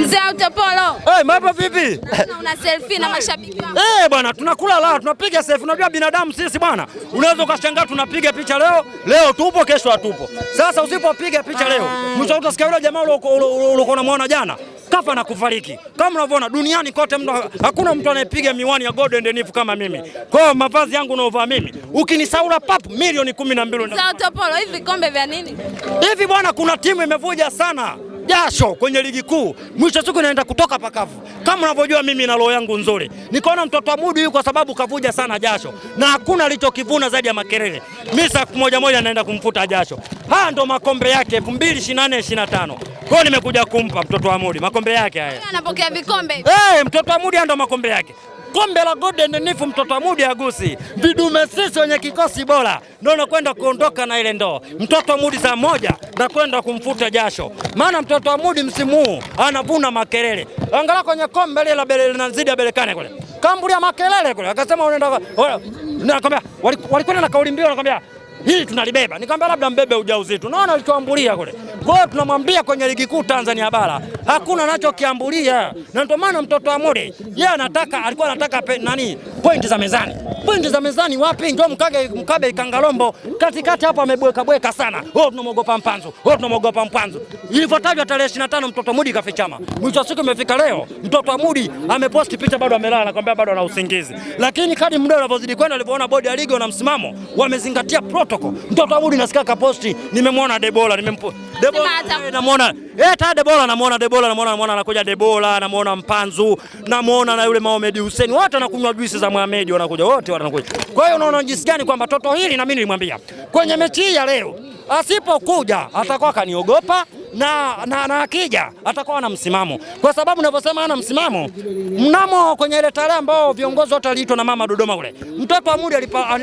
Mzee Utopolo. hey, eh, mambo vipi? Una selfie na mashabiki wako. Eh, hey, bwana tunakula la, tunapiga selfie. Unajua binadamu sisi bwana. Unaweza ukashangaa tunapiga picha leo, leo tupo, kesho hatupo. Sasa usipopiga picha leo, mwisho utasikia yule jamaa uliokuwa unamwona jana kafa na kufariki. Kama unavyoona duniani kote mtu hakuna mtu anayepiga miwani ya Golden endenifu kama mimi. Kwa hiyo mavazi yangu unaovaa mimi, ukinisaula pap milioni 12. Sasa Utopolo, hivi kombe vya nini? Hivi bwana kuna timu imevuja sana jasho kwenye ligi kuu, mwisho siku inaenda kutoka pakavu. Kama unavyojua mimi na roho yangu nzuri, nikaona mtoto Amudu huyu, kwa sababu kavuja sana jasho na hakuna alichokivuna zaidi ya makelele. Mimi saa moja moja naenda kumfuta jasho. Haya ndo makombe yake 2024 25 kwao, nimekuja kumpa mtoto mudi makombe yake haya. Anapokea vikombe eh, mtoto mudi ndo makombe yake kombe la Golden Nifu mtoto wa Mudi Agusi, vidume sisi wenye kikosi bora ndio nakwenda kuondoka na ile ndoo. Mtoto wa Mudi saa moja nakwenda kumfuta jasho, maana mtoto wa Mudi msimu huu anavuna makelele, angalau kwenye kombe lile la bele linazidi abelekane kule kambulia makelele kule, akasema unaenda, nakwambia walikwenda na kauli mbiu, nakwambia hili tunalibeba, nikamwambia labda mbebe ujauzito, naona alichoambulia kule kwa hiyo tunamwambia kwenye ligi kuu Tanzania bara hakuna anachokiambulia, na ndio maana mtoto wa Mode yeye anataka alikuwa anataka nani pointi za mezani, pointi za mezani wapi? Ndio mkage mkabe ikangalombo katikati hapo, amebweka bweka sana. Oh, tunamwogopa Mpanzu, oh, tunamwogopa Mpanzu. Ilivyotajwa tarehe 25 mtoto Mudi kafichama. Mwisho wa siku imefika leo, mtoto Mudi ameposti picha, bado amelala, anakwambia bado ana usingizi. Lakini kadi muda unavyozidi kwenda, alivyoona bodi ya ligi wana msimamo, wamezingatia protocol. Mtoto Mudi nasikia kaposti, nimemwona Debola, nimempo Debola, namwona eh, ta Debola namuona, Debola namuona, namuona anakuja Debola, namuona Mpanzu, namuona na yule Mohamed Hussein, wote wanakunywa juisi za Mohamed, wanakuja wote wanakuja. Kwa hiyo unaona jinsi gani kwamba toto hili na mimi nilimwambia kwenye mechi ya leo asipokuja atakuwa kaniogopa na, na, na akija atakuwa na msimamo, kwa sababu ninavyosema ana msimamo mnamo kwenye ile tarehe ambao viongozi wote aliitwa na mama Dodoma ule mtoto wa Mudi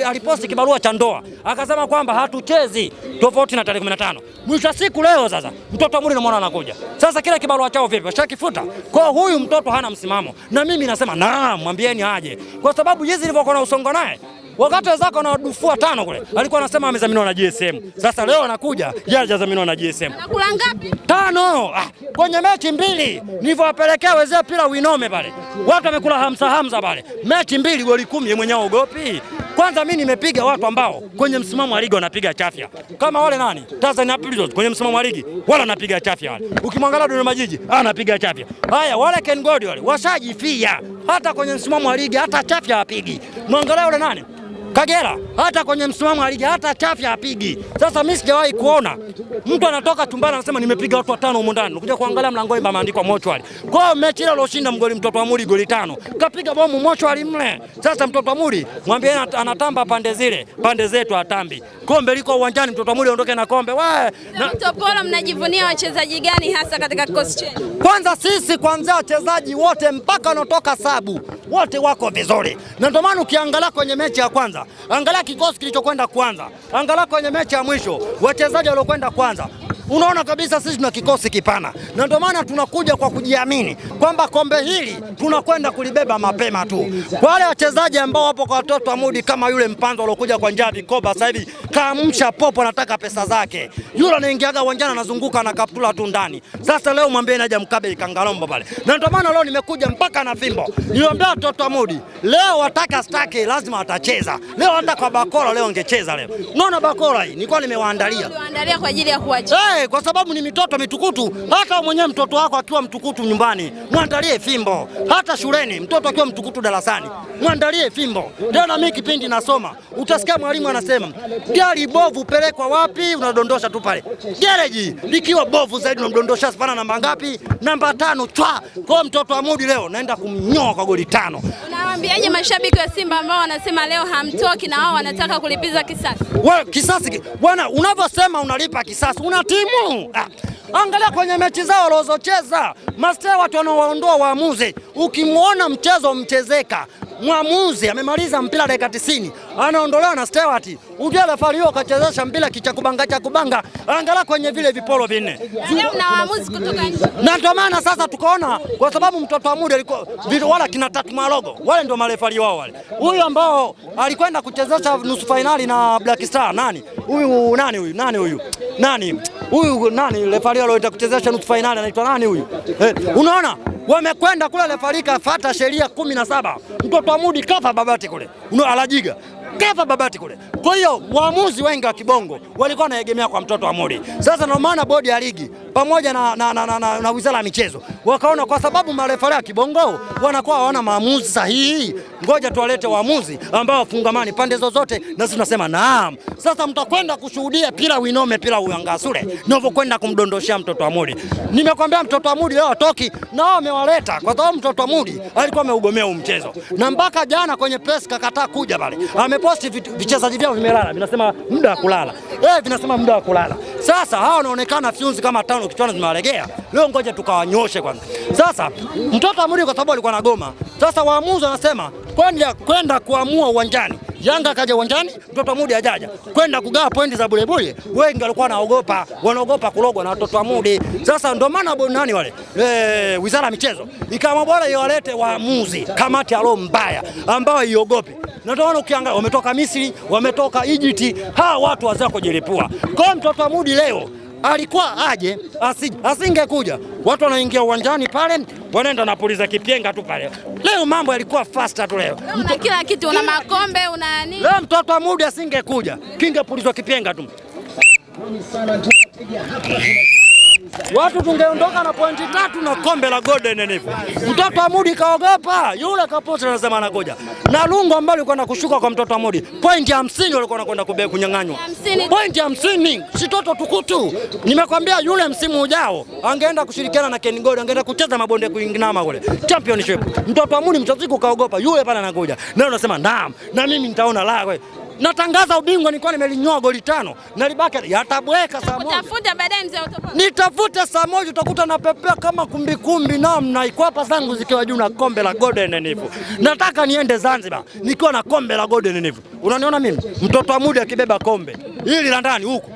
aliposti kibarua cha ndoa akasema kwamba hatuchezi tofauti na tarehe 15. Mwisho siku leo sasa mtoto Mudi namwona anakuja sasa, kile kibarua chao vipi washakifuta? Kwa huyu mtoto hana msimamo, na mimi nasema naam, mwambieni aje, kwa sababu jinsi nilivyokuwa na usongo naye Wakati wenzako wanadufua tano kule, alikuwa anasema amezaminiwa na GSM. Sasa leo anakuja yeye hajazaminiwa na GSM. Anakula ngapi? Tano. Ah, kwenye mechi mbili nilivyowapelekea wezee pila winome pale. Watu wamekula hamsa hamsa pale. Mechi mbili goli kumi yeye mwenyewe ogopi. Kwanza mimi nimepiga watu ambao kwenye msimamo wa ligi wanapiga chafya. Kama wale nani? Tanzania Prisons kwenye msimamo wa ligi wale wanapiga chafya wale. Ukimwangalia Dodoma Jiji anapiga chafya. Haya wale Ken Gold wale washajifia hata kwenye msimamo wa ligi hata chafya hapigi. Mwangalia yule nani? Kagera hata kwenye msimamo wa ligi hata chafya apigi. Sasa mimi sijawahi kuona mtu anatoka tumbana anasema nimepiga watu watano huko ndani. Ukija kuangalia mlango mlangoni pameandikwa mochwari. Kwa hiyo mechi ile aloshinda mgoli mtoto wa Muri goli tano. Kapiga bomu mochwari mle. Sasa mtoto wa Muri mwambie anatamba pande zile, pande zetu atambi. Kombe liko uwanjani mtoto wa Muri aondoke na kombe. Wewe na mtu polo mnajivunia wachezaji gani hasa katika kikosi chenu? Kwanza sisi kwanza wachezaji wote mpaka wanaotoka sabu wote wako vizuri. Na ndio maana ukiangalia kwenye mechi ya kwanza Angalia kikosi kilichokwenda kwanza, angalia kwenye mechi ya mwisho wachezaji waliokwenda kwanza Unaona kabisa sisi tuna kikosi kipana, na ndio maana tunakuja kwa kujiamini kwamba kombe hili tunakwenda kulibeba mapema tu. Kwa wale wachezaji ambao wapo kwa watoto wa mudi kama yule mpanzo aliokuja kwa njia ya vikoba, sasa hivi kaamsha popo, anataka pesa zake. Yule anaingiaga uwanjani anazunguka na kaptula tu ndani. Sasa leo mwambie naja mkabe ikangalombo pale, na ndio maana leo nimekuja mpaka na fimbo, niwaambia watoto wa mudi leo wataka stake, lazima watacheza leo. Hata kwa bakora leo angecheza leo. Unaona bakora hii nilikuwa nimewaandalia kwa ajili ya kuwacha hey! Eh, Mwandalie eh, kwa sababu ni mitoto mitukutu. Hata mwenyewe mtoto wako akiwa mtukutu nyumbani, mwandalie fimbo. Hata shuleni mtoto akiwa mtukutu darasani, mwandalie fimbo. Tena mimi kipindi nasoma, utasikia mwalimu anasema gari bovu pelekwa wapi? Unadondosha tu pale gereji, likiwa bovu zaidi unamdondosha spana namba ngapi? Namba tano chwa. Kwa mtoto wa Mudi leo naenda kumnyoa kwa goli tano. Waambiaje mashabiki wa Simba ambao wanasema leo hamtoki na wao wanataka kulipiza kisasi? Wewe kisasi bwana, unavyosema unalipa kisasi, una timu ah. Angalia kwenye mechi zao walizocheza, master watu wanaowaondoa waamuzi, ukimwona mchezo mchezeka mwamuzi amemaliza mpira dakika 90, anaondolewa na Stewart. Ujue refari huyo kachezesha mpira kicha kubanga cha kubanga, kwenye vile viporo vinne, na ndio maana sasa tukaona, kwa sababu mtoto wa Mude alikuwa wala kina tatu malogo wale ndio marefari wao wale, huyu ambao alikwenda kuchezesha nusu fainali na Black Star, nani huyu nani huyu nani huyu nani huyu nani refari aloita kuchezesha nusu fainali anaitwa nani huyu eh? Unaona wamekwenda kule, refari kafuata sheria kumi na saba. Mtoto wa Mudi kafa Babati kule, alajiga kafa Babati kule. Kwa hiyo waamuzi wengi wa kibongo walikuwa wanaegemea kwa mtoto wa Mudi. Sasa ndio maana bodi ya ligi pamoja na, na, na, na, na, na wizara ya michezo, wakaona kwa sababu marefari ya kibongo wanakuwa hawana maamuzi sahihi, ngoja tuwalete waamuzi ambao wafungamani pande zozote, sisi tunasema naam. Sasa mtakwenda kushuhudia pila winome pila uyangasule navyokwenda kumdondoshea mtoto Mudi. Nimekwambia mtoto Mudi leo atoki na amewaleta kwa sababu mtoto Mudi alikuwa ameugomea mchezo, na mpaka jana kwenye press kakataa kuja pale, ameposti vichezaji vyao vimelala, vinasema muda wa kulala eh, vinasema muda wa kulala sasa hawa wanaonekana fyuzi kama tano kichwani zimewalegea leo ngoja tukawanyoshe kwanza. Sasa mtoto amri, kwa sababu alikuwa na goma. Sasa waamuzi wanasema kwenda kwenda kuamua uwanjani Yanga akaja uwanjani, mtoto Mudi ajaja kwenda kugawa pointi za bulebule. Wengi walikuwa wanaogopa, wanaogopa kulogwa na watoto wa Mudi. Sasa ndio maana nani wale e, wizara ya michezo ikawa bora iwalete waamuzi kamati ya roho mbaya ambayo iogope, na ndio maana ukiangalia wametoka Misri, wametoka Egypt, hawa watu wazako kujilipua kwa mtoto wa Mudi leo alikuwa aje asingekuja, watu wanaingia uwanjani pale wanaenda napuliza kipyenga tu pale. Leo mambo yalikuwa faster tu leo, leo kila kitu una makombe una nini. Leo mtoto wa Mudi asingekuja, kingepulizwa kipyenga tu. Watu tungeondoka na pointi tatu na kombe la gold hivyo. Mtoto wa Mudi kaogopa, yule kapote anasema anakoja Na Lungu ambaye alikuwa anakushuka kwa mtoto wa Mudi, pointi 50 alikuwa anakwenda kubea kunyang'anywa. Pointi 50, si toto tukutu. Nimekwambia yule msimu ujao angeenda kushirikiana na Ken Gold, angeenda kucheza mabonde kuinginama kule. Championship. Mtoto wa Mudi mchaziko kaogopa, yule pale anakuja. Na unasema naam, na mimi nitaona la natangaza ubingwa, nilikuwa nimelinyoa goli tano na yatabweka saa moja. Utafuta baadaye mzee, utapata. nitafute saa moja, utakuta napepea kama kumbikumbi, namna ikwapa zangu zikiwa juu na kombe la golden nifu. Nataka niende Zanzibar nikiwa na kombe la golden nifu. Unaniona mimi mtoto wa muda akibeba kombe hili la ndani huku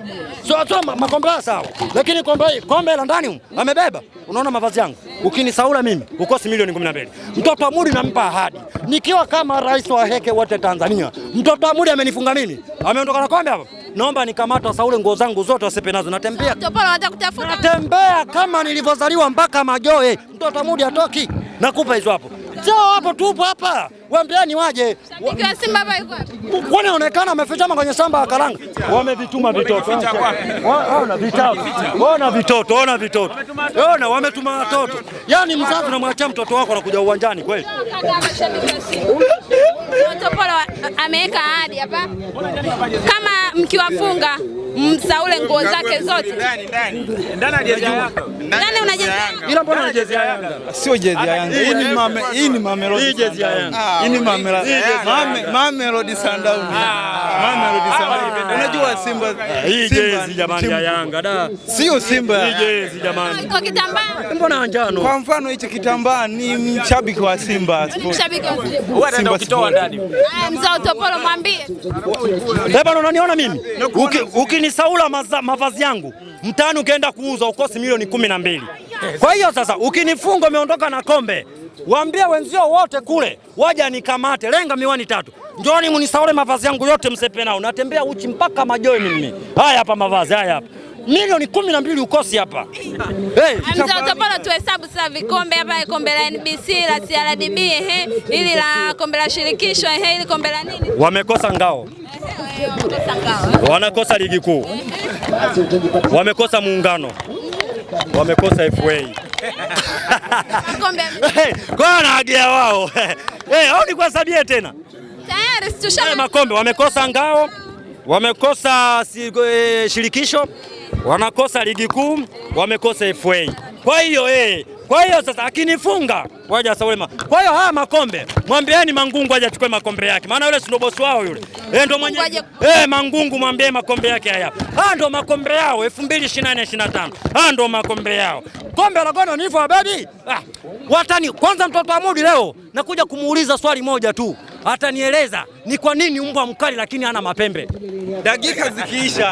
So, sio makombe sawa, lakini kombe kombe la ndani amebeba. Unaona mavazi yangu, ukinisaula mimi ukosi milioni 12. Mtoto wa Muri nampa ahadi, nikiwa kama rais wa heke wote Tanzania. Mtoto wa Muri amenifunga mimi, ameondoka na kombe hapa. Naomba nikamata saule nguo zangu zote wasipe nazo, natembea natembea kama nilivyozaliwa mpaka majoe. Mtoto wa Muri atoki, nakupa hizo hapo. Jao hapo, tupo hapa, waambieni waje. Wanaonekana wamefichama kwenye shamba karanga, wamevituma vitoto, ona vitoto, ona vitoto, ona wametuma watoto. Yaani mzazi unamwachia mtoto wako anakuja uwanjani kweli? ameweka ahadi hapa, kama mkiwafunga msaule nguo zake zote. Ndani una jezi ila, mbona una jezi ya Yanga? Sio jezi ya Yanga, hii ni mame, hii ni mame hii jezi ya Yanga, hii ni mame mame ah. mame mame ah. Unajua ah. Simba hii jezi jamani ya Yanga da, sio Simba hii jezi jamani, kwa kitambaa, mbona njano? Kwa mfano hicho kitambaa, ni mshabiki wa Simba mshabiki wa Simba ndani Muuliza Utopolo mwambie. Eba, unaniona mimi? Ukinisaula mavazi yangu mtaani ukienda kuuza ukosi milioni kumi na mbili. Kwa hiyo sasa ukinifunga umeondoka na kombe, waambie wenzio wote kule waje nikamate, lenga miwani tatu, njoni munisaule mavazi yangu yote, msepe nao natembea uchi mpaka majoe mimi. Haya hapa mavazi haya hapa milioni kumi na mbili ukosi hapa. Hey, utapata sasa vikombe hapa, kombe la NBC la CRDB, ehe, ili la kombe la shirikisho, ehe, ili kombe la nini? Wamekosa ngao, eh? wanakosa ligi kuu, wamekosa muungano, wamekosa FA kwanawagia wao au ni kwa tena makombe wamekosa ngao, wamekosa si, e, shirikisho wanakosa ligi kuu, wamekosa FA. Kwa hiyo eh, kwa hiyo sasa akinifunga waje wasaulema. Kwa hiyo haya makombe mwambieni Mangungu aje achukue makombe yake, maana yule si ndo bosi wao yule eh, ndio mwenye eh, Mangungu mwambie makombe yake haya. Haya ndo makombe yao 2024 25, haya ndio makombe yao. Kombe la gono nifu baby. Ah, watani kwanza, mtoto amudi leo nakuja kumuuliza swali moja tu, atanieleza ni kwa nini mbwa mkali lakini hana mapembe. Dakika zikiisha